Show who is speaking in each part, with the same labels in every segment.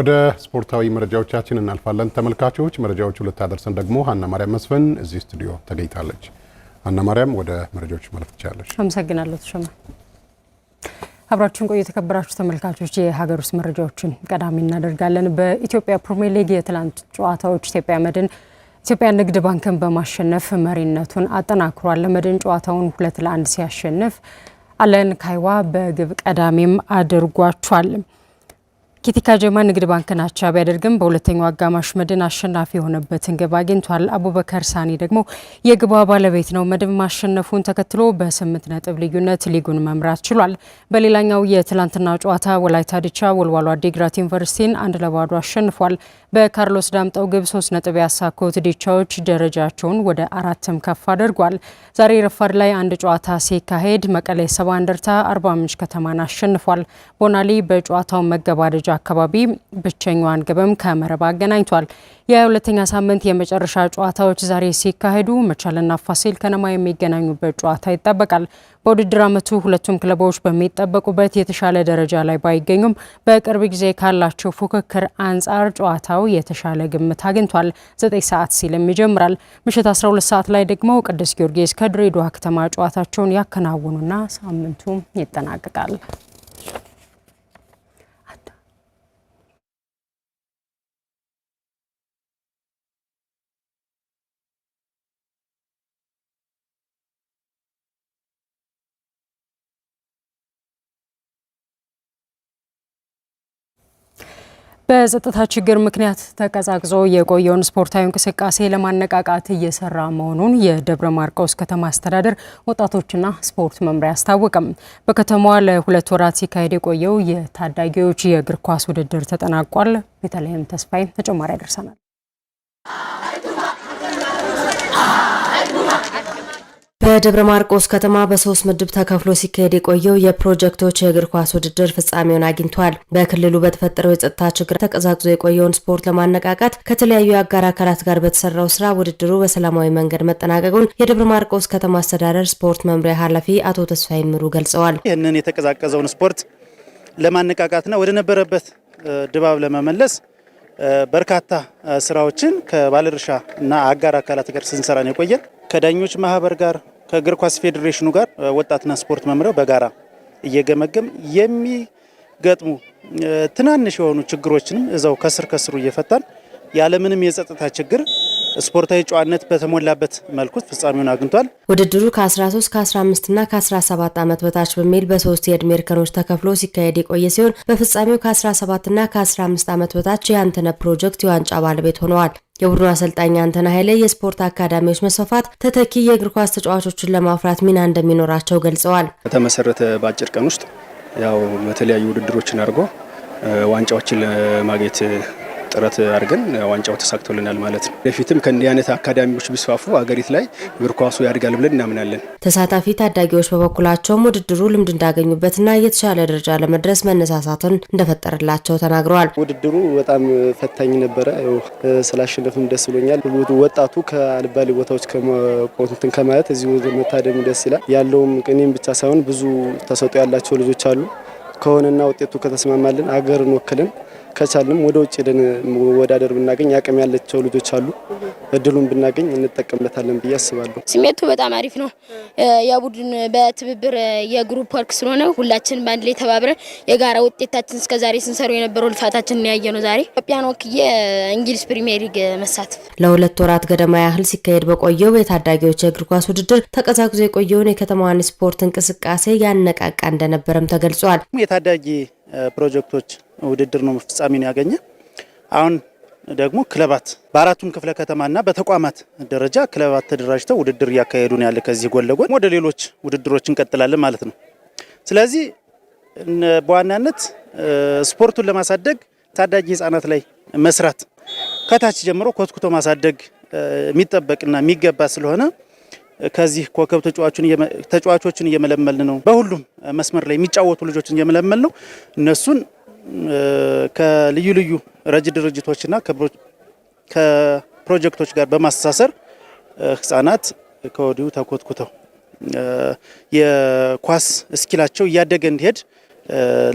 Speaker 1: ወደ ስፖርታዊ መረጃዎቻችን እናልፋለን ተመልካቾች። መረጃዎቹ ልታደርሰን ደግሞ ሀና ማርያም መስፍን እዚህ ስቱዲዮ ተገኝታለች። ሀና ማርያም ወደ መረጃዎቹ ማለፍ ትችላለች።
Speaker 2: አመሰግናለሁ ተሾመ። አብራችሁን ቆዩ የተከበራችሁ ተመልካቾች። የሀገር ውስጥ መረጃዎችን ቀዳሚ እናደርጋለን። በኢትዮጵያ ፕሪሚየር ሊግ የትላንት ጨዋታዎች ኢትዮጵያ መድን ኢትዮጵያ ንግድ ባንክን በማሸነፍ መሪነቱን አጠናክሯል። መድን ጨዋታውን ሁለት ለአንድ ሲያሸንፍ አለን ካይዋ በግብ ቀዳሚም አድርጓቸዋል። ኪቲካ ጀማ ንግድ ባንክን አቻ ቢያደርግም በሁለተኛው አጋማሽ መድን አሸናፊ የሆነበትን ግብ አግኝቷል። አቡበከር ሳኒ ደግሞ የግባ ባለቤት ነው። መድን ማሸነፉን ተከትሎ በስምንት ነጥብ ልዩነት ሊጉን መምራት ችሏል። በሌላኛው የትላንትና ጨዋታ ወላይታ ዲቻ ወልዋሎ አዲግራት ዩኒቨርሲቲን አንድ ለባዶ አሸንፏል። በካርሎስ ዳምጠው ግብ ሶስት ነጥብ ያሳኩት ዲቻዎች ደረጃቸውን ወደ አራትም ከፍ አድርጓል። ዛሬ ረፋድ ላይ አንድ ጨዋታ ሲካሄድ መቀሌ ሰባ እንደርታ አርባ ምንጭ ከተማን አሸንፏል። ቦናሊ በጨዋታው መገባደጃ አካባቢ ብቸኛዋን ግብም ከመረብ አገናኝቷል። የሁለተኛ ሳምንት የመጨረሻ ጨዋታዎች ዛሬ ሲካሄዱ መቻልና ፋሲል ከነማ የሚገናኙበት ጨዋታ ይጠበቃል። በውድድር ዓመቱ ሁለቱም ክለቦች በሚጠበቁበት የተሻለ ደረጃ ላይ ባይገኙም በቅርብ ጊዜ ካላቸው ፉክክር አንጻር ጨዋታው የተሻለ ግምት አግኝቷል። 9 ሰዓት ሲልም ይጀምራል። ምሽት 12 ሰዓት ላይ ደግሞ ቅዱስ ጊዮርጊስ ከድሬዳዋ ከተማ ጨዋታቸውን ያከናውኑና ሳምንቱ ይጠናቀቃል። በጸጥታ ችግር ምክንያት ተቀዛቅዞ የቆየውን ስፖርታዊ እንቅስቃሴ ለማነቃቃት እየሰራ መሆኑን የደብረ ማርቆስ ከተማ አስተዳደር ወጣቶችና ስፖርት መምሪያ አስታወቀም። በከተማዋ ለሁለት ወራት ሲካሄድ የቆየው የታዳጊዎች የእግር ኳስ ውድድር ተጠናቋል። ቤተልሔም ተስፋዬ ተጨማሪ ያደርሰናል። በደብረ ማርቆስ ከተማ በሶስት ምድብ ተከፍሎ ሲካሄድ የቆየው የፕሮጀክቶች የእግር ኳስ ውድድር ፍጻሜውን አግኝቷል። በክልሉ በተፈጠረው የጸጥታ ችግር ተቀዛቅዞ የቆየውን ስፖርት ለማነቃቃት ከተለያዩ የአጋር አካላት ጋር በተሰራው ስራ ውድድሩ በሰላማዊ መንገድ መጠናቀቁን የደብረ ማርቆስ ከተማ አስተዳደር ስፖርት መምሪያ ኃላፊ አቶ ተስፋይ ምሩ ገልጸዋል።
Speaker 3: ይህንን የተቀዛቀዘውን ስፖርት ለማነቃቃትና ወደ ነበረበት ድባብ ለመመለስ በርካታ ስራዎችን ከባለድርሻ እና አጋር አካላት ጋር ስንሰራ ነው የቆየን ከዳኞች ማህበር ጋር ከእግር ኳስ ፌዴሬሽኑ ጋር ወጣትና ስፖርት መምሪያው በጋራ እየገመገም የሚገጥሙ ትናንሽ የሆኑ ችግሮችንም እዛው ከስር ከስሩ እየፈታን ያለምንም የጸጥታ ችግር ስፖርታዊ ጨዋነት በተሞላበት መልኩ ፍጻሜውን አግኝቷል።
Speaker 2: ውድድሩ ከ13 ከ15 እና ከ17 ዓመት በታች በሚል በሶስት የእድሜ እርከኖች ተከፍሎ ሲካሄድ የቆየ ሲሆን በፍጻሜው ከ17 እና ከ15 ዓመት በታች የአንተነ ፕሮጀክት የዋንጫ ባለቤት ሆነዋል። የቡድኑ አሰልጣኝ አንተነህ ኃይሌ የስፖርት አካዳሚዎች መስፋፋት ተተኪ የእግር ኳስ ተጫዋቾችን ለማፍራት ሚና እንደሚኖራቸው ገልጸዋል።
Speaker 3: በተመሰረተ በአጭር ቀን ውስጥ ያው በተለያዩ ውድድሮችን አድርጎ ዋንጫዎችን ለማግኘት ጥረት አድርገን ዋንጫው ተሳክቶልናል ማለት ነው። ወደፊትም ከእንዲህ አይነት አካዳሚዎች ቢስፋፉ አገሪት ላይ እግር ኳሱ ያድጋል ብለን እናምናለን።
Speaker 2: ተሳታፊ ታዳጊዎች በበኩላቸውም ውድድሩ ልምድ እንዳገኙበትና የተሻለ ደረጃ ለመድረስ መነሳሳትን እንደፈጠረላቸው ተናግረዋል።
Speaker 3: ውድድሩ በጣም ፈታኝ ነበረ። ስላሸነፍም ደስ ብሎኛል። ወጣቱ ከአልባሌ ቦታዎች ከመቆንትን ከማለት እዚሁ መታደሙ ደስ ይላል። ያለውም ቅኔም ብቻ ሳይሆን ብዙ ተሰጦ ያላቸው ልጆች አሉ። ከሆነና ውጤቱ ከተስማማልን አገርን ወክልን ከቻልንም ወደ ውጭ ደን መወዳደር ብናገኝ አቅም ያላቸው ልጆች አሉ፣ እድሉን ብናገኝ እንጠቀምበታለን ብዬ አስባለሁ።
Speaker 4: ስሜቱ በጣም አሪፍ ነው። የቡድን በትብብር የግሩፕ ወርክ ስለሆነ ሁላችን በአንድ ላይ ተባብረን የጋራ ውጤታችን እስከዛሬ ስንሰሩ የነበረው ልፋታችን ያየ ነው። ዛሬ ኢትዮጵያን ወክዬ እንግሊዝ ፕሪሚየር ሊግ መሳተፍ
Speaker 2: ለሁለት ወራት ገደማ ያህል ሲካሄድ በቆየው የታዳጊዎች የእግር ኳስ ውድድር ተቀዛቅዞ የቆየውን የከተማዋን ስፖርት እንቅስቃሴ ያነቃቃ እንደነበረም ተገልጿል።
Speaker 3: የታዳጊ ፕሮጀክቶች ውድድር ነው ፍጻሜን ያገኘ። አሁን ደግሞ ክለባት በአራቱም ክፍለ ከተማና በተቋማት ደረጃ ክለባት ተደራጅተው ውድድር እያካሄዱ ነው ያለ። ከዚህ ጎን ለጎን ወደ ሌሎች ውድድሮች እንቀጥላለን ማለት ነው። ስለዚህ በዋናነት ስፖርቱን ለማሳደግ ታዳጊ ህጻናት ላይ መስራት ከታች ጀምሮ ኮትኩቶ ማሳደግ የሚጠበቅና የሚገባ ስለሆነ ከዚህ ኮከብ ተጫዋቾችን እየመለመልን ነው። በሁሉም መስመር ላይ የሚጫወቱ ልጆችን እየመለመል ነው። እነሱን ከልዩ ልዩ ረጅ ድርጅቶችና ከፕሮጀክቶች ጋር በማስተሳሰር ህጻናት ከወዲሁ ተኮትኩተው የኳስ እስኪላቸው እያደገ እንዲሄድ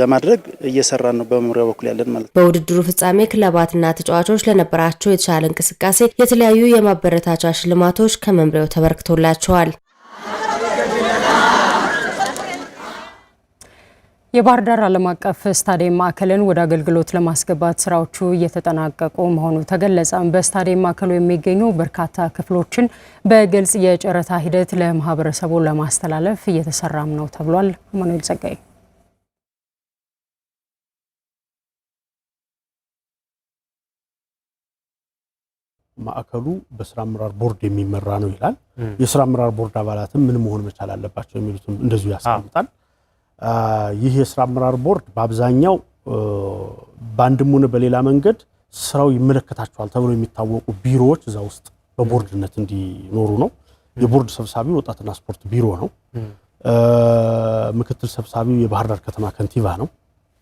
Speaker 3: ለማድረግ እየሰራን ነው በመምሪያ በኩል ያለን ማለት
Speaker 2: ነው። በውድድሩ ፍጻሜ ክለባትና ተጫዋቾች ለነበራቸው የተሻለ እንቅስቃሴ የተለያዩ የማበረታቻ ሽልማቶች ከመምሪያው ተበርክቶላቸዋል። የባህር ዳር ዓለም አቀፍ ስታዲየም ማዕከልን ወደ አገልግሎት ለማስገባት ስራዎቹ እየተጠናቀቁ መሆኑ ተገለጸ። በስታዲየም ማዕከሉ የሚገኙ በርካታ ክፍሎችን በግልጽ የጨረታ ሂደት ለማህበረሰቡ ለማስተላለፍ እየተሰራም ነው ተብሏል። አማኑኤል ጸጋይ
Speaker 5: ማዕከሉ በስራ አመራር ቦርድ የሚመራ ነው ይላል። የስራ አመራር ቦርድ አባላትም ምን መሆን መቻል አለባቸው የሚሉትም እንደዚሁ ያስቀምጣል። ይህ የስራ አመራር ቦርድ በአብዛኛው በአንድም ሆነ በሌላ መንገድ ስራው ይመለከታቸዋል ተብሎ የሚታወቁ ቢሮዎች እዛ ውስጥ በቦርድነት እንዲኖሩ ነው። የቦርድ ሰብሳቢው ወጣትና ስፖርት ቢሮ ነው። ምክትል ሰብሳቢው የባህር ዳር ከተማ ከንቲባ ነው።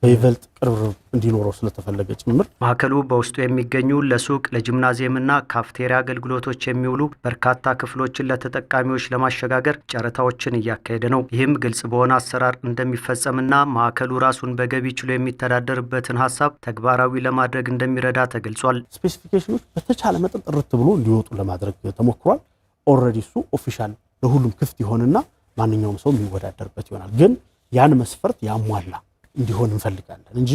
Speaker 5: በይበልጥ ቅርርብ እንዲኖረው ስለተፈለገ ጭምር
Speaker 6: ማዕከሉ በውስጡ የሚገኙ ለሱቅ ለጂምናዚየምና ካፍቴሪያ አገልግሎቶች የሚውሉ በርካታ ክፍሎችን ለተጠቃሚዎች ለማሸጋገር ጨረታዎችን እያካሄደ ነው። ይህም ግልጽ በሆነ አሰራር እንደሚፈጸምና ማዕከሉ ራሱን በገቢ ችሎ የሚተዳደርበትን ሀሳብ ተግባራዊ ለማድረግ እንደሚረዳ ተገልጿል።
Speaker 5: ስፔሲፊኬሽኖች በተቻለ መጠን ጥርት ብሎ እንዲወጡ ለማድረግ ተሞክሯል። ኦልሬዲ እሱ ኦፊሻል ለሁሉም ክፍት ይሆንና ማንኛውም ሰው የሚወዳደርበት ይሆናል። ግን ያን መስፈርት ያሟላ እንዲሆን እንፈልጋለን እንጂ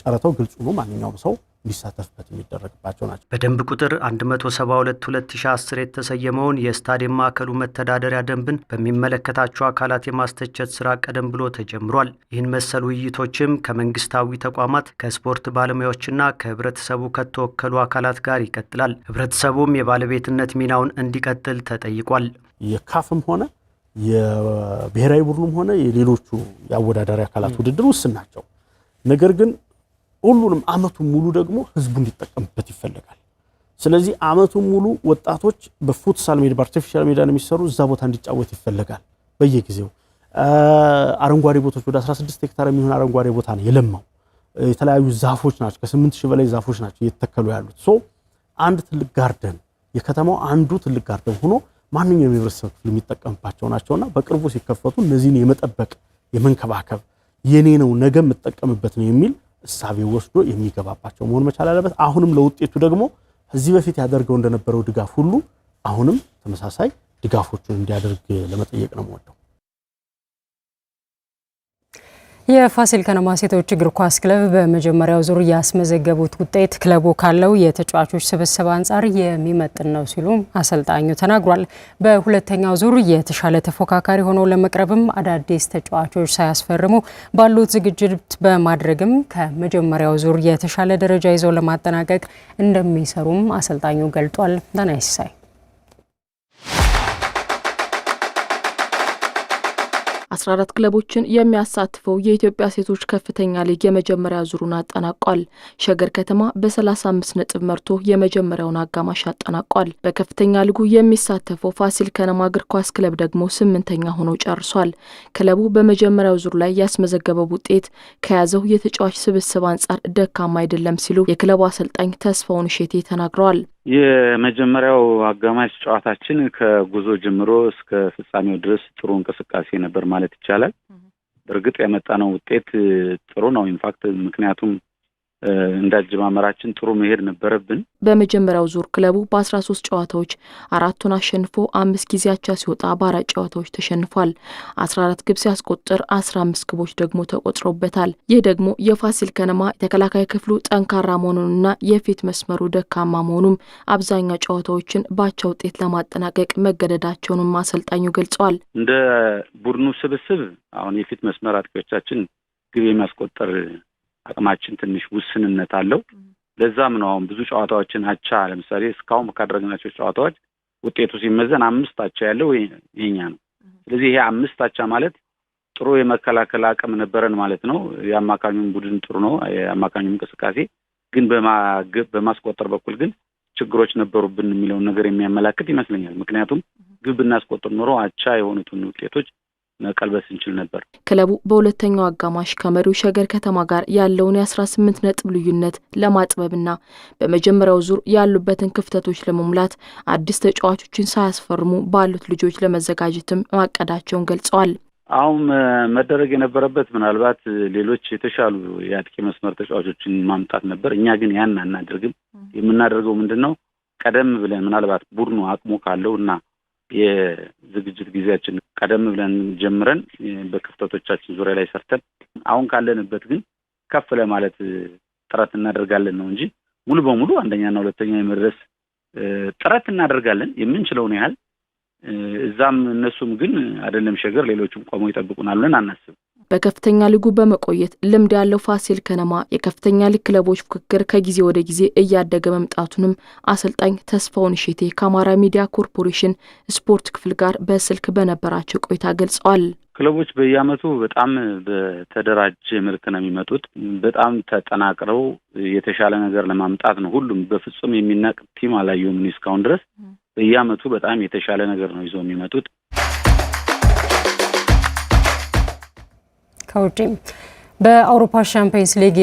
Speaker 5: ጨረታው ግልጽ ሆኖ ማንኛውም ሰው እንዲሳተፍበት የሚደረግባቸው ናቸው።
Speaker 6: በደንብ ቁጥር 172/2010 የተሰየመውን የስታዲየም ማዕከሉ መተዳደሪያ ደንብን በሚመለከታቸው አካላት የማስተቸት ስራ ቀደም ብሎ ተጀምሯል። ይህን መሰል ውይይቶችም ከመንግስታዊ ተቋማት፣ ከስፖርት ባለሙያዎችና ከህብረተሰቡ ከተወከሉ አካላት ጋር ይቀጥላል። ህብረተሰቡም የባለቤትነት ሚናውን እንዲቀጥል ተጠይቋል።
Speaker 5: የካፍም ሆነ የብሔራዊ ቡድኑም ሆነ የሌሎቹ የአወዳዳሪ አካላት ውድድር ውስን ናቸው። ነገር ግን ሁሉንም አመቱን ሙሉ ደግሞ ህዝቡ እንዲጠቀምበት ይፈልጋል። ስለዚህ አመቱን ሙሉ ወጣቶች በፉትሳል ሜዳ በአርቲፊሻል ሜዳ ነው የሚሰሩ፣ እዛ ቦታ እንዲጫወት ይፈልጋል። በየጊዜው አረንጓዴ ቦታዎች ወደ 16 ሄክታር የሚሆን አረንጓዴ ቦታ ነው የለማው። የተለያዩ ዛፎች ናቸው፣ ከስምንት ሺህ በላይ ዛፎች ናቸው እየተተከሉ ያሉት። ሶ አንድ ትልቅ ጋርደን የከተማው አንዱ ትልቅ ጋርደን ሆኖ ማንኛውም የህብረተሰብ ክፍል የሚጠቀምባቸው ናቸውና በቅርቡ ሲከፈቱ እነዚህን የመጠበቅ የመንከባከብ የኔ ነው ነገ የምጠቀምበት ነው የሚል እሳቤ ወስዶ የሚገባባቸው መሆን መቻል አለበት። አሁንም ለውጤቱ ደግሞ ከዚህ በፊት ያደርገው እንደነበረው ድጋፍ ሁሉ አሁንም ተመሳሳይ ድጋፎቹን እንዲያደርግ ለመጠየቅ ነው የምወደው።
Speaker 2: የፋሲል ከነማ ሴቶች እግር ኳስ ክለብ በመጀመሪያው ዙር ያስመዘገቡት ውጤት ክለቡ ካለው የተጫዋቾች ስብስብ አንጻር የሚመጥን ነው ሲሉ አሰልጣኙ ተናግሯል። በሁለተኛው ዙር የተሻለ ተፎካካሪ ሆኖ ለመቅረብም አዳዲስ ተጫዋቾች ሳያስፈርሙ ባሉት ዝግጅት በማድረግም ከመጀመሪያው ዙር የተሻለ ደረጃ ይዘው ለማጠናቀቅ እንደሚሰሩም አሰልጣኙ ገልጧል። ዳና 14 ክለቦችን የሚያሳትፈው የኢትዮጵያ ሴቶች ከፍተኛ ሊግ የመጀመሪያ ዙሩን አጠናቋል። ሸገር ከተማ በ35 ነጥብ መርቶ የመጀመሪያውን አጋማሽ አጠናቋል። በከፍተኛ ሊጉ የሚሳተፈው ፋሲል ከነማ እግር ኳስ ክለብ ደግሞ ስምንተኛ ሆኖ ጨርሷል። ክለቡ በመጀመሪያው ዙር ላይ ያስመዘገበው ውጤት ከያዘው የተጫዋች ስብስብ አንጻር ደካማ አይደለም ሲሉ የክለቡ አሰልጣኝ ተስፋውን ሼቴ ተናግረዋል።
Speaker 3: የመጀመሪያው አጋማሽ ጨዋታችን ከጉዞ ጀምሮ እስከ ፍጻሜው ድረስ ጥሩ እንቅስቃሴ ነበር ማለት ይቻላል። እርግጥ ነው ውጤት ጥሩ ነው ኢንፋክት፣ ምክንያቱም እንዳጀማመራችን ጥሩ መሄድ ነበረብን።
Speaker 2: በመጀመሪያው ዙር ክለቡ በአስራ ሶስት ጨዋታዎች አራቱን አሸንፎ አምስት ጊዜ አቻ ሲወጣ በአራት ጨዋታዎች ተሸንፏል። አስራ አራት ግብ ሲያስቆጥር አስራ አምስት ግቦች ደግሞ ተቆጥሮበታል። ይህ ደግሞ የፋሲል ከነማ የተከላካይ ክፍሉ ጠንካራ መሆኑንና የፊት መስመሩ ደካማ መሆኑም አብዛኛው ጨዋታዎችን ባቻ ውጤት ለማጠናቀቅ መገደዳቸውንም አሰልጣኙ ገልጸዋል።
Speaker 3: እንደ ቡድኑ ስብስብ አሁን የፊት መስመር አጥቂዎቻችን ግብ የሚያስቆጠር አቅማችን ትንሽ ውስንነት አለው። ለዛም ነው አሁን ብዙ ጨዋታዎችን አቻ ለምሳሌ እስካሁን ካደረግናቸው ጨዋታዎች ውጤቱ ሲመዘን አምስት አቻ ያለው ይሄኛ ነው። ስለዚህ ይሄ አምስት አቻ ማለት ጥሩ የመከላከል አቅም ነበረን ማለት ነው። የአማካኙም ቡድን ጥሩ ነው፣ የአማካኙ እንቅስቃሴ ግን በማስቆጠር በኩል ግን ችግሮች ነበሩብን የሚለውን ነገር የሚያመላክት ይመስለኛል። ምክንያቱም ግብ ብናስቆጥር ኖሮ አቻ የሆኑትን ውጤቶች መቀልበስ እንችል ነበር።
Speaker 2: ክለቡ በሁለተኛው አጋማሽ ከመሪው ሸገር ከተማ ጋር ያለውን የአስራ ስምንት ነጥብ ልዩነት ለማጥበብና በመጀመሪያው ዙር ያሉበትን ክፍተቶች ለመሙላት አዲስ ተጫዋቾችን ሳያስፈርሙ ባሉት ልጆች ለመዘጋጀትም ማቀዳቸውን ገልጸዋል።
Speaker 3: አሁን መደረግ የነበረበት ምናልባት ሌሎች የተሻሉ የአጥቂ መስመር ተጫዋቾችን ማምጣት ነበር። እኛ ግን ያን አናደርግም። የምናደርገው ምንድን ነው? ቀደም ብለን ምናልባት ቡድኑ አቅሙ ካለው እና የዝግጅት ጊዜያችን ቀደም ብለን ጀምረን በክፍተቶቻችን ዙሪያ ላይ ሰርተን አሁን ካለንበት ግን ከፍ ለማለት ጥረት እናደርጋለን ነው እንጂ ሙሉ በሙሉ አንደኛና ሁለተኛ የመድረስ ጥረት እናደርጋለን የምንችለውን ያህል። እዛም እነሱም ግን አይደለም ሸገር ሌሎችም ቆመው ይጠብቁናል ብለን አናስብም።
Speaker 2: በከፍተኛ ሊጉ በመቆየት ልምድ ያለው ፋሲል ከነማ የከፍተኛ ሊግ ክለቦች ፉክክር ከጊዜ ወደ ጊዜ እያደገ መምጣቱንም አሰልጣኝ ተስፋውን ሼቴ ከአማራ ሚዲያ ኮርፖሬሽን ስፖርት ክፍል ጋር በስልክ በነበራቸው ቆይታ ገልጸዋል።
Speaker 3: ክለቦች በየዓመቱ በጣም በተደራጀ መልክ ነው የሚመጡት። በጣም ተጠናቅረው የተሻለ ነገር ለማምጣት ነው። ሁሉም በፍጹም የሚናቅ ቲም አላየሁም እስካሁን ድረስ። በየዓመቱ በጣም የተሻለ ነገር ነው ይዘው የሚመጡት።
Speaker 2: ከውጪ በአውሮፓ ሻምፒየንስ ሊግ